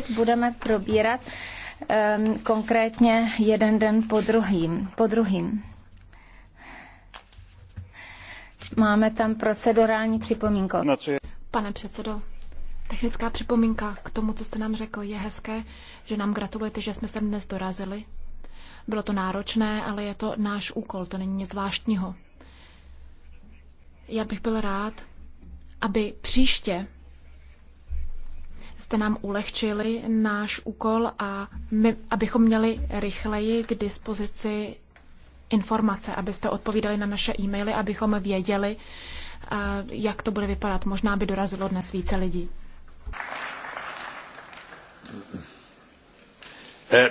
teď budeme probírat um, konkrétně jeden den po druhým. Po druhým. Máme tam procedurální připomínku. Pane předsedo, technická připomínka k tomu, co jste nám řekl, je hezké, že nám gratulujete, že jsme se dnes dorazili. Bylo to náročné, ale je to náš úkol, to není nic zvláštního. Já bych byl rád, aby příště jste nám ulehčili náš úkol a my, abychom měli rychleji k dispozici informace, abyste odpovídali na naše e-maily, abychom věděli, eh, jak to bude vypadat. Možná by dorazilo dnes více lidí. Eh,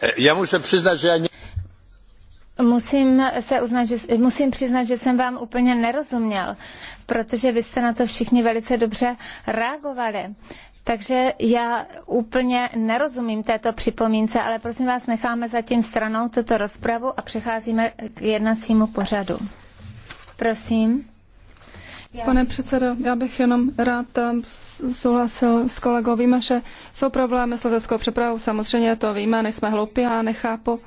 eh, já musím přiznat, že ani... Musím se uznat, že, musím přiznat, že jsem vám úplně nerozuměl, protože vy jste na to všichni velice dobře reagovali. Takže já úplně nerozumím této připomínce, ale prosím vás, necháme zatím stranou tuto rozpravu a přecházíme k jednacímu pořadu. Prosím. Pane předsedo, já bych jenom rád eh, souhlasil s kolegou. Víme, že jsou problémy s leteckou přepravou, samozřejmě to víme, nejsme hloupí a nechápu,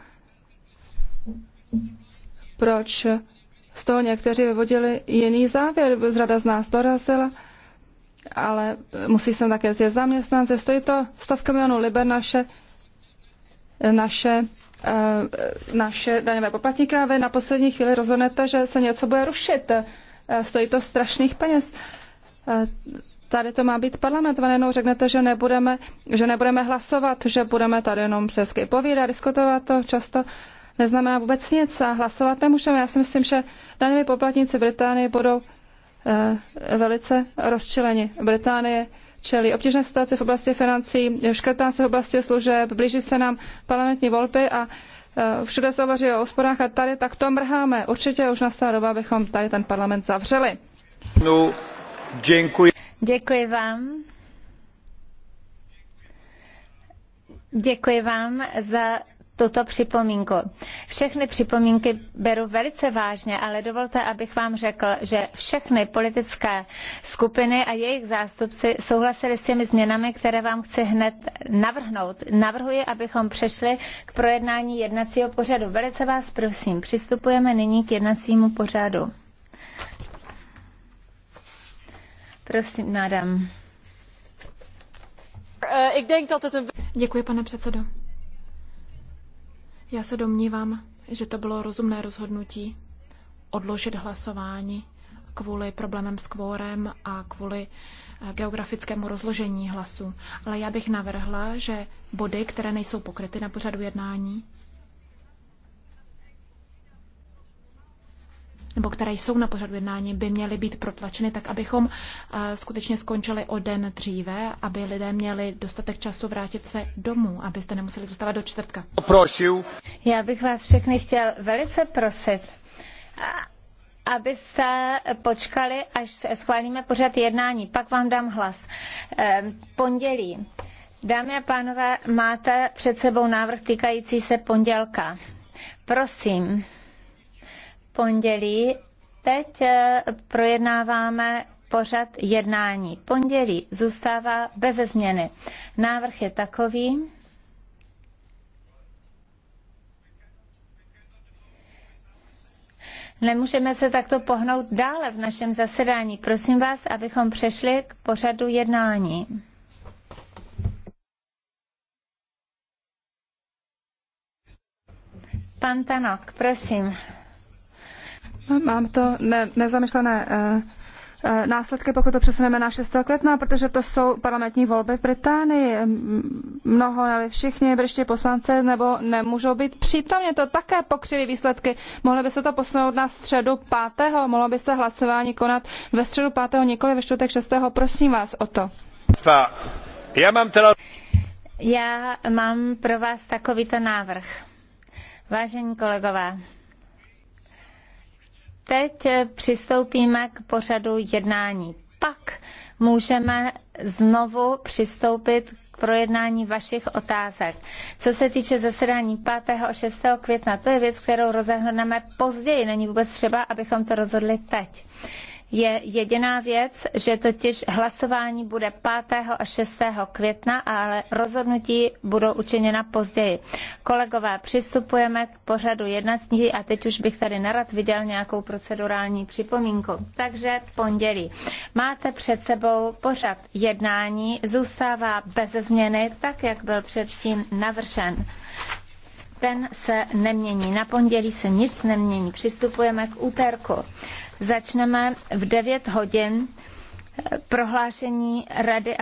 proč z toho někteří vyvodili jiný závěr. Zrada z nás dorazila ale musí sem také zjet zaměstnance. Stojí to stovka milionů liber naše, naše, eh, naše daňové poplatníky a vy na poslední chvíli rozhodnete, že se něco bude rušit. Eh, stojí to strašných peněz eh, tady to má být parlament, a jenom řeknete, že nebudeme, že nebudeme hlasovat, že budeme tady jenom přesky povídat, diskutovat to často neznamená vůbec nic a hlasovat nemůžeme. Já si myslím, že daňové poplatníci Británie budou Eh, velice rozčileni. Británie čelí obtížné situaci v oblasti financí, škrtá se v oblasti služeb, blíží se nám parlamentní volby a eh, všude se hovoří o úsporách a tady tak to mrháme. Určitě už nastala doba, abychom tady ten parlament zavřeli. No, děkuji. Děkuji vám. Děkuji vám za tuto připomínku. Všechny připomínky beru velice vážně, ale dovolte, abych vám řekl, že všechny politické skupiny a jejich zástupci souhlasili s těmi změnami, které vám chci hned navrhnout. Navrhuji, abychom přešli k projednání jednacího pořadu. Velice vás prosím, přistupujeme nyní k jednacímu pořadu. Prosím, madam. Eh, Děkuji, pane předsedo. Já se domnívám, že to bylo rozumné rozhodnutí odložit hlasování kvůli problémem s kvórem a kvůli eh, geografickému rozložení hlasu. Ale já bych navrhla, že body, které nejsou pokryty na pořadu jednání, nebo které jsou na pořadu jednání, by měly být protlačeny tak, abychom eh, skutečně skončili o den dříve, aby lidé měli dostatek času vrátit se domů, abyste nemuseli zůstávat do čtvrtka. Prosím. Já bych vás všechny chtěl velice prosit, abyste počkali, až schválíme pořad jednání. Pak vám dám hlas. Ehm, pondělí. Dámy a pánové, máte před sebou návrh týkající se pondělka. Prosím pondělí teď eh, projednáváme pořad jednání. Pondělí zůstává bez změny. Návrh je takový, Nemůžeme se takto pohnout dále v našem zasedání. Prosím vás, abychom přešli k pořadu jednání. Pan Tanok, prosím. Mám to ne, nezamyšlené eh, eh, následky, pokud to přesuneme na 6. května, protože to jsou parlamentní volby v Británii. Mnoho, ale všichni brští poslanci nebo nemůžou být přítomně. To také pokřivý výsledky. Mohlo by se to posunout na středu 5. Mohlo by se hlasování konat ve středu 5. nikoli ve čtvrtek 6. Prosím vás o to. Já mám teda... Já mám pro vás takovýto návrh. Vážení kolegové, teď přistoupíme k pořadu jednání. Pak můžeme znovu přistoupit k projednání vašich otázek. Co se týče zasedání 5. a 6. května, to je věc, kterou rozhodneme později. Není vůbec třeba, abychom to rozhodli teď je jediná věc, že totiž hlasování bude 5. a 6. května, ale rozhodnutí budou učiněna později. Kolegové, přistupujeme k pořadu jednání a teď už bych tady nerad viděl nějakou procedurální připomínku. Takže pondělí. Máte před sebou pořad jednání, zůstává bez změny, tak jak byl předtím navržen ten se nemění. Na pondělí se nic nemění. Přistupujeme k úterku. Začneme v 9 hodin prohlášení Rady a